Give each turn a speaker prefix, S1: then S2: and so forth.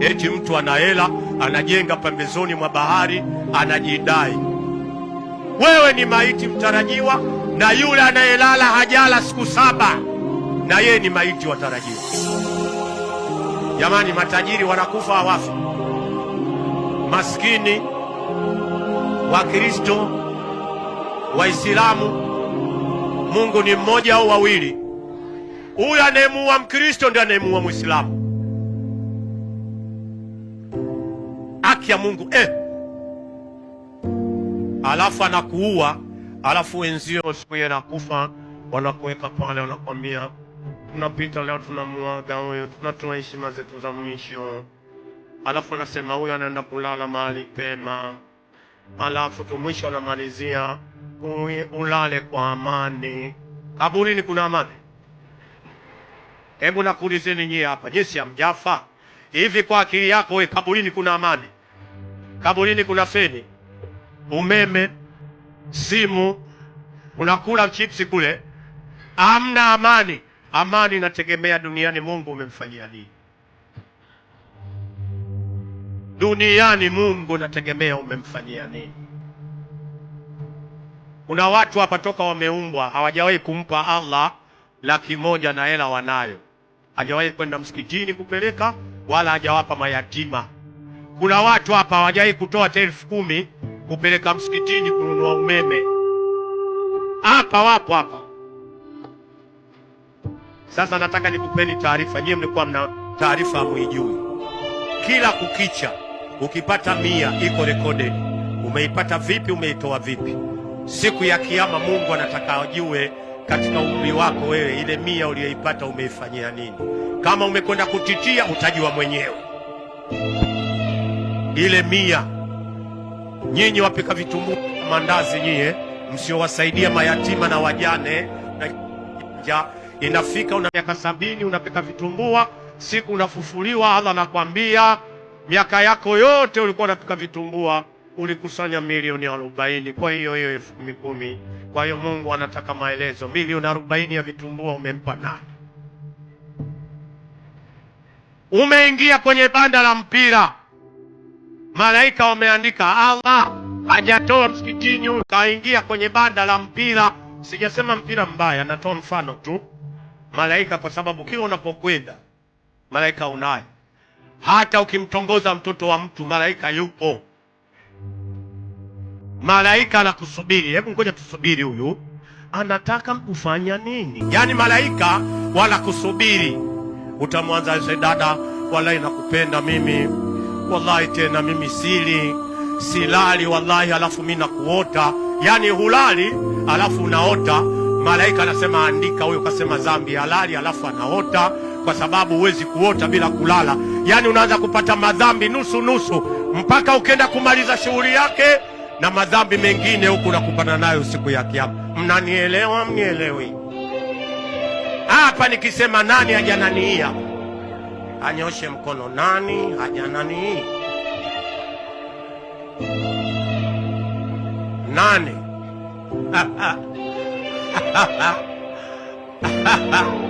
S1: Eti mtu anahela anajenga pembezoni mwa bahari anajidai, wewe ni maiti mtarajiwa, na yule anayelala hajala siku saba, na yeye ni maiti watarajiwa. Jamani, matajiri wanakufa hawafi, maskini Wakristo, Waislamu, Mungu ni mmoja au wawili? Huyu anayemuua Mkristo ndiye anayemuua Mwislamu. haki ya Mungu eh. Alafu anakuua, alafu wenzio siku ile anakufa, wanakuweka pale, wanakwambia tunapita leo, tunamuaga huyo, tunatoa heshima zetu za mwisho. Alafu anasema huyo anaenda kulala mahali pema, alafu tu mwisho anamalizia ulale kwa amani. Kaburini kuna amani? Hebu nakuulizeni nyie hapa, jinsi hamjafa hivi, kwa akili yako we, kaburini kuna amani? kaburini kuna feni, umeme, simu, unakula chipsi kule, amna amani. Amani inategemea duniani, Mungu umemfanyia nini? Duniani Mungu nategemea umemfanyia nini? Kuna watu hapa toka wameumbwa hawajawahi kumpa Allah laki moja na hela wanayo, hajawahi kwenda msikitini kupeleka, wala hajawapa mayatima. Kuna watu hapa hawajawahi kutoa elfu kumi kupeleka msikitini kununua umeme. Hapa wapo hapa. Sasa nataka nikupeni taarifa, nyie mlikuwa mna taarifa hamwijui. Kila kukicha ukipata mia iko recorded. Umeipata vipi? Umeitoa vipi? Siku ya Kiyama Mungu anataka ajue katika umri wako wewe, ile mia uliyoipata umeifanyia nini? Kama umekwenda kutitia, utajua mwenyewe ile mia. Nyinyi wapika vitumbua mandazi, nyie msiowasaidia mayatima na wajane na inafika una miaka sabini unapika vitumbua, siku unafufuliwa. Allah anakwambia miaka yako yote ulikuwa unapika vitumbua ulikusanya milioni arobaini. Kwa hiyo hiyo elfu kumi. Kwa hiyo Mungu anataka maelezo, milioni arobaini ya vitumbua umempa nani? Umeingia kwenye banda la mpira Malaika wameandika, Allah hajatoa msikitini, kaingia kwenye banda la mpira. Sijasema mpira mbaya, natoa mfano tu malaika, kwa sababu kila unapokwenda malaika unaye. Hata ukimtongoza mtoto wa mtu malaika yupo, malaika anakusubiri. Hebu ngoja tusubiri, huyu anataka kufanya nini? Yaani malaika wanakusubiri, utamwanza, dada, walai nakupenda mimi wallahi, tena mimi sili silali wallahi, alafu mimi nakuota, yani hulali alafu unaota. Malaika anasema andika, huyo kasema dhambi halali, alafu anaota, kwa sababu huwezi kuota bila kulala. yani unaanza kupata madhambi nusu nusu, mpaka ukenda kumaliza shughuli yake na madhambi mengine huku unakupana nayo siku ya Kiyama. Mnanielewa? Mnielewi? Hapa nikisema nani hajananiia? anyoshe mkono nani haja nani nani